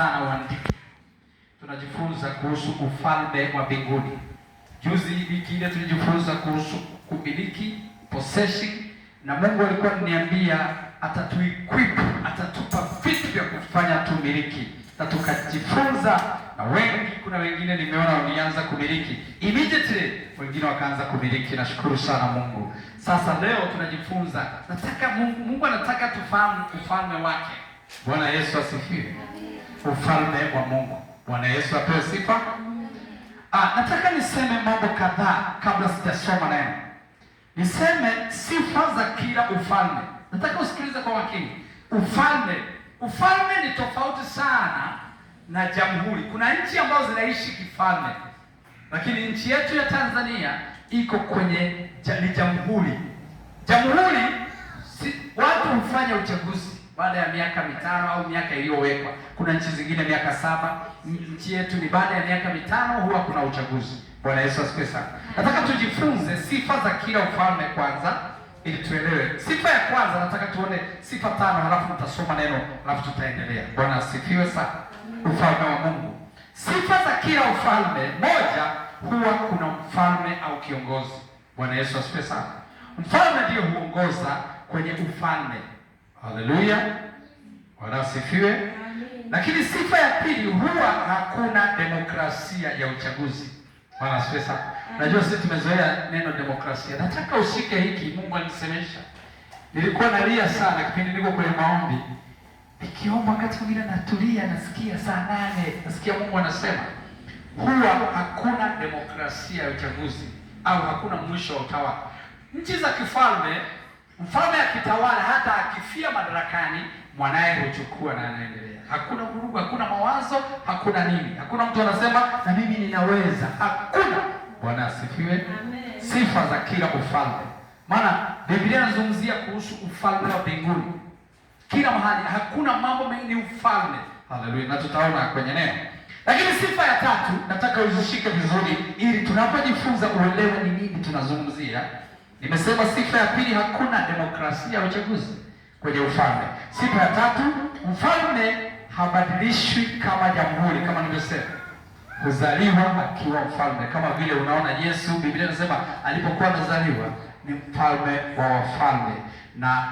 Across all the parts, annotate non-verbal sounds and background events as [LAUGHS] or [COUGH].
sana uandiki. Tunajifunza kuhusu ufalme wa mbinguni. Juzi wiki ile tulijifunza kuhusu kumiliki possession, na Mungu alikuwa ananiambia atatuequip, atatupa vitu vya kufanya tumiliki na tukajifunza na wengi. Kuna wengine nimeona walianza kumiliki immediately, wengine wakaanza kumiliki. Nashukuru sana Mungu. Sasa leo tunajifunza, nataka Mungu, Mungu anataka tufahamu ufalme wake Bwana Yesu asifiwe. Ufalme wa Mungu. Bwana Yesu apewe sifa. Ah, nataka niseme mambo kadhaa kabla sijasoma neno. Niseme sifa za kila ufalme. Nataka usikilize kwa makini. Ufalme, ufalme ni tofauti sana na jamhuri. Kuna nchi ambazo zinaishi kifalme, lakini nchi yetu ya Tanzania iko kwenye ni jamhuri. Jamhuri si, watu hufanya uchaguzi baada ya miaka mitano au miaka iliyowekwa. Kuna nchi zingine miaka saba. Nchi yetu ni baada ya miaka mitano huwa kuna uchaguzi. Bwana Yesu asifiwe sana. Nataka tujifunze sifa za kila ufalme kwanza ili tuelewe. Sifa ya kwanza nataka tuone sifa tano, halafu tutasoma neno, halafu tutaendelea. Bwana asifiwe sana. Ufalme wa Mungu. Sifa za kila ufalme, moja, huwa kuna mfalme au kiongozi. Bwana Yesu asifiwe sana. Mfalme ndiyo huongoza kwenye ufalme. Haleluya, wanasifiwe. Lakini sifa ya pili, huwa hakuna demokrasia ya uchaguzi. Bwana asifiwe sana. Najua sisi tumezoea neno demokrasia. Nataka usike hiki, Mungu anisemesha. Nilikuwa nalia sana kipindi niko kwenye maombi, nikiomba, wakati mwingine natulia, nasikia saa nane, nasikia Mungu anasema huwa hakuna demokrasia ya uchaguzi, au hakuna mwisho wa utawala. Nchi za kifalme Mfalme akitawala hata akifia madarakani, mwanaye huchukua na anaendelea. Hakuna vurugu, hakuna mawazo, hakuna nini, hakuna mtu anasema na mimi ninaweza. Hakuna. Bwana asifiwe. Sifa za kila ufalme, maana Biblia inazungumzia kuhusu ufalme wa mbinguni kila mahali, hakuna mambo mengi, ni ufalme. Haleluya, na tutaona kwenye neno. Lakini sifa ya tatu nataka uzishike vizuri, ili tunapojifunza uelewe ni nini tunazungumzia. Nimesema sifa ya pili, hakuna demokrasia ya uchaguzi kwenye ufalme. Sifa ya tatu, mfalme habadilishwi kama jamhuri, kama nilivyosema, huzaliwa akiwa mfalme, kama vile unaona Yesu, Biblia inasema alipokuwa anazaliwa ni mfalme wa wafalme, na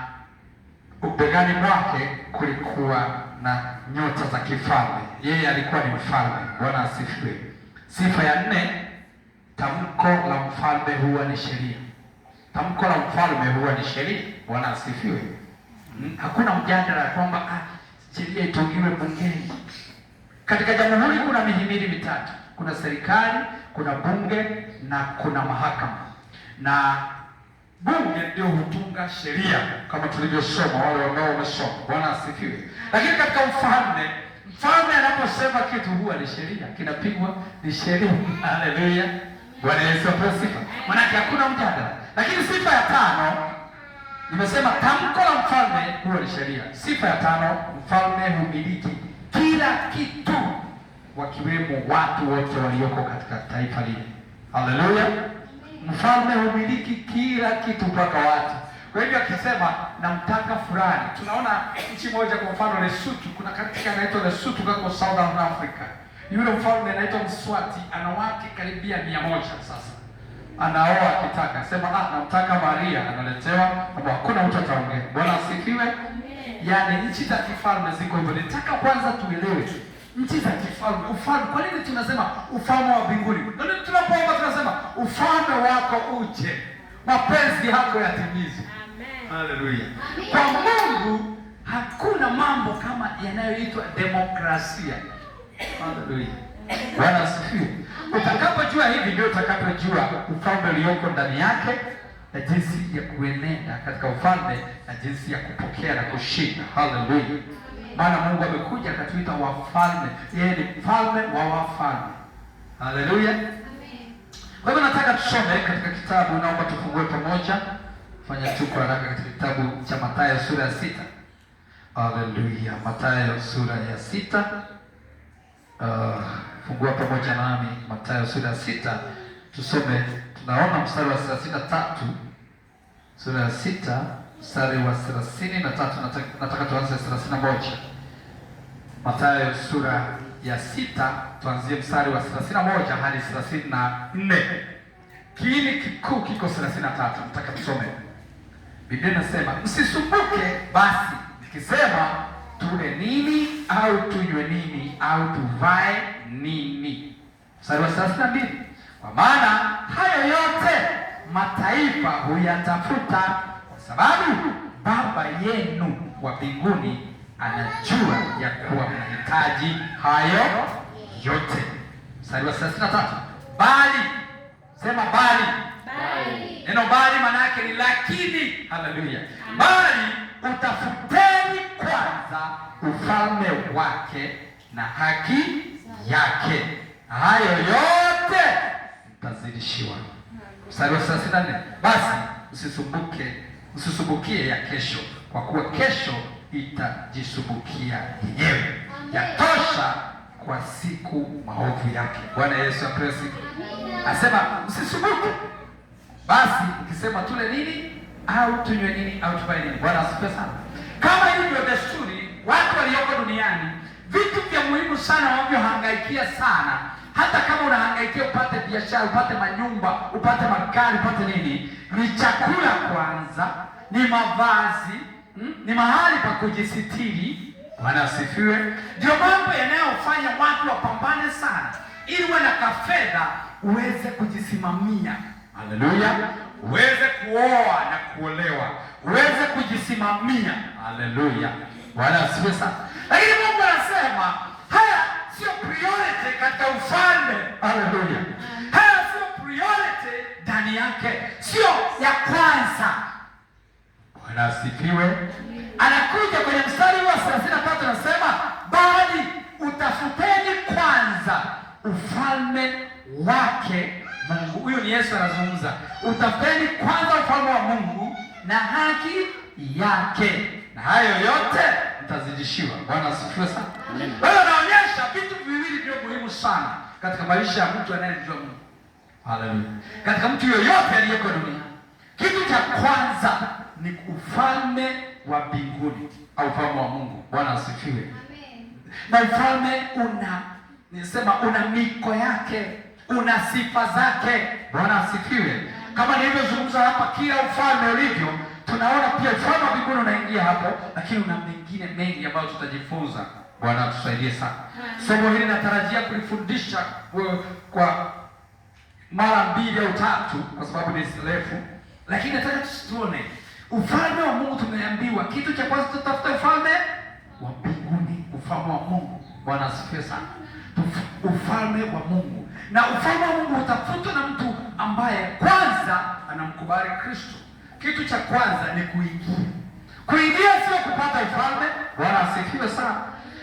ubegani mwake kulikuwa na nyota za kifalme. Yeye alikuwa ni mfalme. Bwana asifiwe. Sifa ya nne, tamko la mfalme huwa ni sheria Tamko la mfalme huwa ni sheria. Bwana asifiwe. Hmm? Hakuna mjadala kwamba ah, sheria itungiwe bungeni. Katika jamhuri kuna mihimili mitatu: kuna serikali, kuna bunge na kuna mahakama, na bunge ndio hutunga sheria kama tulivyosoma, wale ambao wamesoma. Bwana asifiwe. Lakini katika mfalme, mfalme anaposema kitu huwa ni sheria, kinapigwa ni sheria. [LAUGHS] Haleluya, Bwana Yesu asifiwe. Maanake hakuna mjadala lakini sifa ya tano nimesema tamko la mfalme huwa ni sheria. Sifa ya tano, mfalme humiliki kila kitu, wakiwemo watu wote walioko katika taifa lile. Haleluya! Mfalme humiliki kila kitu mpaka watu. Kwa hivyo akisema namtaka fulani, tunaona nchi moja, kwa mfano Lesotho, kuna katika anaitwa Lesotho kako South Africa, yule mfalme anaitwa Mswati, ana wake karibia mia moja sasa anaoa akitaka, sema ah, namtaka Maria, analetewa. Kwamba hakuna mtu ataongea. Bwana asikiwe. Yani nchi za kifalme ziko hivyo. Nitaka kwanza tuelewe tu nchi za kifalme, ufalme. Kwa nini tunasema ufalme wa mbinguni? nini tunapoomba tunasema ufalme wako uje, mapenzi yako yatimizwe. Amen, haleluya. Kwa Mungu hakuna mambo kama yanayoitwa demokrasia. Haleluya. Bwana asifiwe. Utakapojua hivi ndio utakapojua ufalme ulioko ndani yake na jinsi ya kuenenda katika ufalme na jinsi ya kupokea na kushinda. Haleluya. Maana Mungu amekuja akatuita wafalme. Yeye ni mfalme wa wafalme. Haleluya. Kwa hivyo nataka tusome katika kitabu, naomba tufungue pamoja. Fanya tu kwa haraka katika kitabu cha Mathayo sura ya sita. Haleluya. Mathayo sura ya sita. Uh, Fungua pamoja nami Mathayo sura ya sita, tusome. Tunaona mstari wa thelathini na tatu sura ya sita mstari wa thelathini na tatu nataka tuanze thelathini na moja Mathayo sura ya sita tuanzie mstari wa thelathini na moja hadi thelathini na nne Kiini kikuu kiko thelathini na tatu nataka tusome. Biblia inasema msisumbuke basi nikisema tule nini au tunywe nini au tuvae nini? Mstari wa thelathini na mbili kwa maana hayo yote mataifa huyatafuta, kwa sababu Baba yenu wa mbinguni anajua ya kuwa mnahitaji hayo yote. Mstari wa thelathini na tatu bali sema bali, bali. Neno bali maana yake ni lakini. Haleluya! Bali utafuteni kwanza ufalme wake na haki yake, hayo yote mtazidishiwa. Mstari wa thelathini na nne basi msisumbuke, usisumbukie ya kesho, kwa kuwa kesho itajisumbukia yenyewe, yatosha kwa siku maovu yake. Bwana Yesu apewe sifa. Asema usisubuke basi ukisema tule nini au tunywe nini au tuvae nini. Bwana asifiwe sana. Kama ilivyo desturi, watu walioko duniani muhimu sana wanavyohangaikia sana, hata kama unahangaikia upate biashara, upate manyumba, upate magari, upate nini, ni chakula kwanza, ni mavazi hmm, ni mahali pa kujisitiri. Bwana asifiwe. Ndio mambo yanayofanya watu wapambane sana, ili uwe na kafedha uweze kujisimamia. Haleluya, uweze kuoa na kuolewa, uweze kujisimamia. Haleluya, Bwana asifiwe sana. Lakini Mungu anasema sio priority katika ufalme. Haleluya, haya sio priority ndani yake, sio ya kwanza. Bwana asifiwe. Anakuja kwenye mstari wa 33 anasema, bali utafuteni kwanza ufalme wake Mungu. Huyo ni Yesu anazungumza, utafuteni kwanza ufalme wa Mungu na haki yake, na hayo yote mtazidishiwa. Bwana asifiwe sana. Kwa hiyo naonyesha vitu viwili vya muhimu sana katika maisha ya mtu anayemjua Mungu. Haleluya. Katika mtu yoyote aliyeko duniani. kitu cha kwanza ni ufalme wa mbinguni au ufalme wa Mungu. Bwana asifiwe. Amen. Na ufalme una nisema, una miko yake, una sifa zake. Bwana asifiwe. Kama nilivyozungumza hapa, kila ufalme ulivyo tunaona pia ufalme wa mbinguni unaingia hapo, lakini una mengine mengi ambayo tutajifunza. Bwana tusaidie sana. Somo hili natarajia kulifundisha kwa mara mbili au tatu, kwa sababu ni refu, lakini nataka tuone ufalme wa Mungu. Tumeambiwa kitu cha kwanza, tutafuta ufalme wa mbinguni, ufalme wa Mungu. Bwana asifiwe sana. Ufalme wa Mungu, na ufalme wa Mungu utafutwa na mtu ambaye kwanza anamkubali Kristo kitu cha kwanza ni kuingia. Kuingia sio kupata ufalme, Bwana asifiwe sana.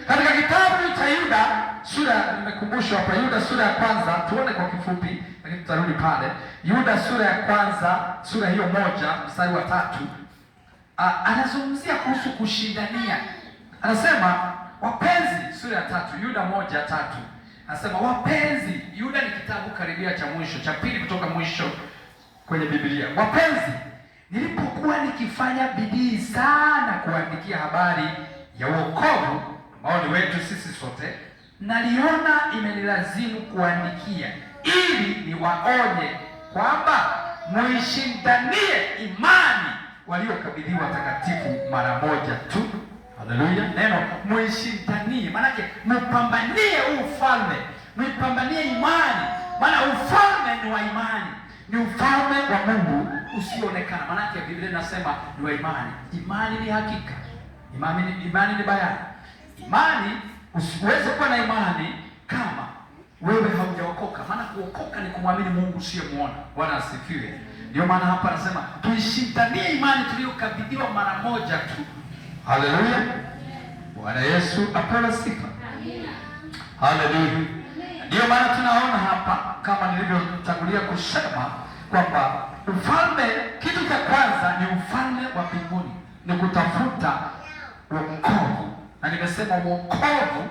Katika kitabu cha Yuda sura, nimekumbushwa hapa, Yuda sura ya kwanza, tuone kwa kifupi, lakini tutarudi pale. Yuda sura ya kwanza, sura hiyo moja mstari wa tatu anazungumzia kuhusu kushindania, anasema wapenzi, sura ya tatu, Yuda moja tatu anasema wapenzi. Yuda ni kitabu karibia cha mwisho cha pili kutoka mwisho kwenye Biblia. Wapenzi nilipokuwa nikifanya bidii sana kuandikia habari ya wokovu ambao ni wetu sisi sote, naliona imenilazimu kuandikia ili niwaonye kwamba muishindanie imani waliokabidhiwa takatifu mara moja tu. Haleluya, neno muishindanie, maanake mupambanie huu ufalme, muipambanie imani, maana ufalme ni wa imani, ni ufalme wa Mungu usioonekana. Maanake Biblia inasema ni wa imani. Imani ni hakika, imani ni, imani ni bayana. Imani usiweze kuwa na imani kama wewe haujaokoka, maana kuokoka ni kumwamini Mungu usiyemuona. Bwana asifiwe. Ndio maana hapa anasema tuishindanie imani tuliyokabidhiwa mara moja tu. Haleluya, Bwana Yesu apewe sifa. Haleluya. Ndio maana tunaona hapa kama nilivyotangulia kusema kwamba Ufalme, kitu cha kwanza ni ufalme wa mbinguni, ni kutafuta wokovu, na nimesema wokovu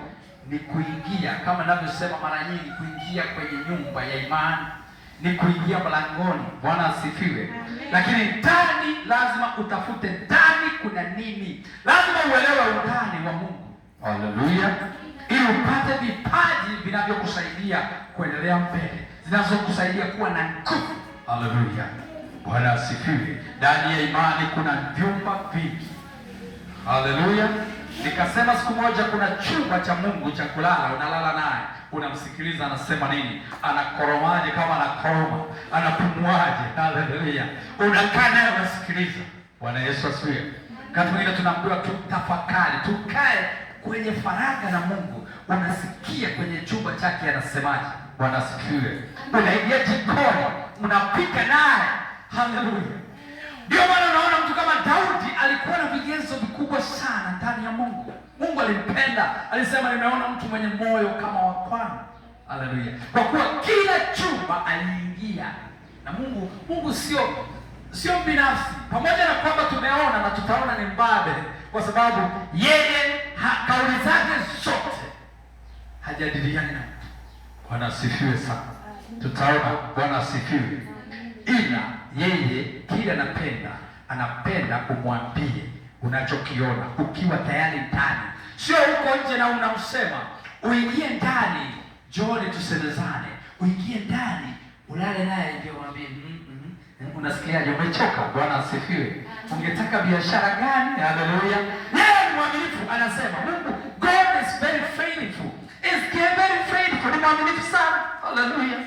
ni kuingia, kama ninavyosema mara nyingi, kuingia kwenye nyumba ya imani ni kuingia mlangoni. Bwana asifiwe. Lakini ndani lazima utafute, ndani kuna nini? Lazima uelewe undani wa Mungu. Haleluya, ili upate vipaji vinavyokusaidia kuendelea mbele, zinazokusaidia kuwa na nguvu. Haleluya. Bwana asifiwe. Ndani ya imani kuna vyumba vingi, haleluya. Nikasema siku moja kuna chumba cha Mungu cha kulala, unalala naye, unamsikiliza anasema nini, anakoromaje, kama anakoroma, anapumuaje, haleluya. Unakaa naye unasikiliza. Bwana Yesu asifiwe. Wakati mwingine tunaambiwa tutafakari, tukae kwenye faraga na Mungu, unasikia kwenye chumba chake anasemaje. Bwana asifiwe. Unaingia jikoni, unapika naye Haleluya! Ndio maana unaona mtu kama Daudi alikuwa na vigezo vikubwa sana ndani ya Mungu. Mungu alimpenda, alisema nimeona mtu mwenye moyo kama wa kwangu. Haleluya! Kwa kuwa kila chumba aliingia na Mungu. Mungu sio sio binafsi, pamoja na kwamba tumeona na tutaona ni mbabe, kwa sababu yeye kauli zake zote hajadiliani na mtu. Bwana asifiwe sana, tutaona. Bwana asifiwe ila yeye kile anapenda, anapenda umwambie unachokiona ukiwa tayari ndani, sio huko nje na unamsema. Uingie ndani, jone tusemezane. Uingie ndani, ulale naye, ndio mwambie mm -hmm. Unasikiaje? Umechoka? Bwana asifiwe. Ungetaka biashara gani? Haleluya. Yeye ni mwaminifu, anasema Mungu, God is very faithful, is very faithful. Ni mwaminifu sana. Haleluya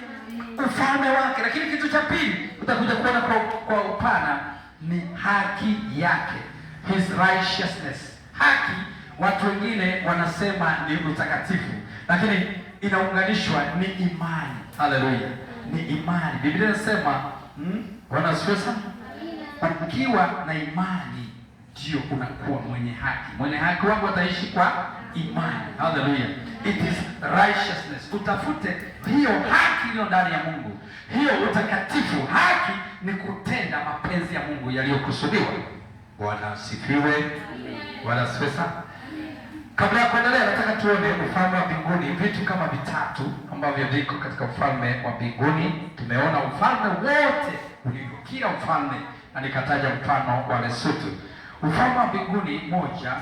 ufalme wake. Lakini kitu cha pili utakuja kuona kwa, kwa upana ni haki yake, his righteousness. Haki watu wengine wanasema ni utakatifu, lakini inaunganishwa ni imani. Haleluya, ni imani. Biblia inasema hmm, wanasikia ukiwa na imani ndio unakuwa mwenye haki. Mwenye haki wangu ataishi kwa imani. Haleluya it is righteousness. Utafute hiyo haki iliyo ndani ya Mungu, hiyo utakatifu. Haki ni kutenda mapenzi ya Mungu yaliyokusudiwa. Bwana asifiwe. Bwana asifiwe sana. Kabla ya kuendelea, nataka tuone ufalme wa mbinguni, vitu kama vitatu ambavyo viko katika ufalme wa mbinguni. Tumeona ufalme wote uliokia ufalme, na nikataja mfano wa Lesotho. Ufalme wa mbinguni moja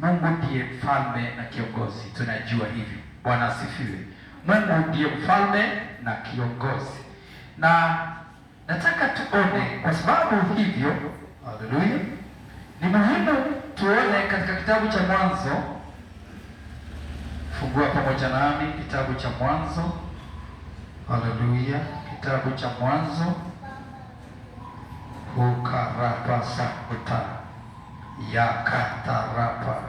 Mungu ndiye mfalme na kiongozi, tunajua hivyo. Bwana asifiwe. Mungu ndiye mfalme na kiongozi, na nataka tuone, kwa sababu hivyo, haleluya, ni muhimu tuone katika kitabu cha Mwanzo. Fungua pamoja nami kitabu cha Mwanzo, haleluya, kitabu cha Mwanzo hukarabasa kutaa yakatarapa.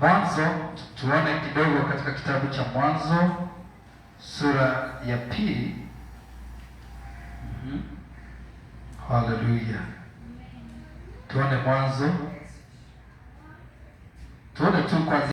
Mwanzo tuone kidogo katika kitabu cha Mwanzo sura ya pili. mm -hmm. Haleluya, tuone Mwanzo, tuone tu kwanza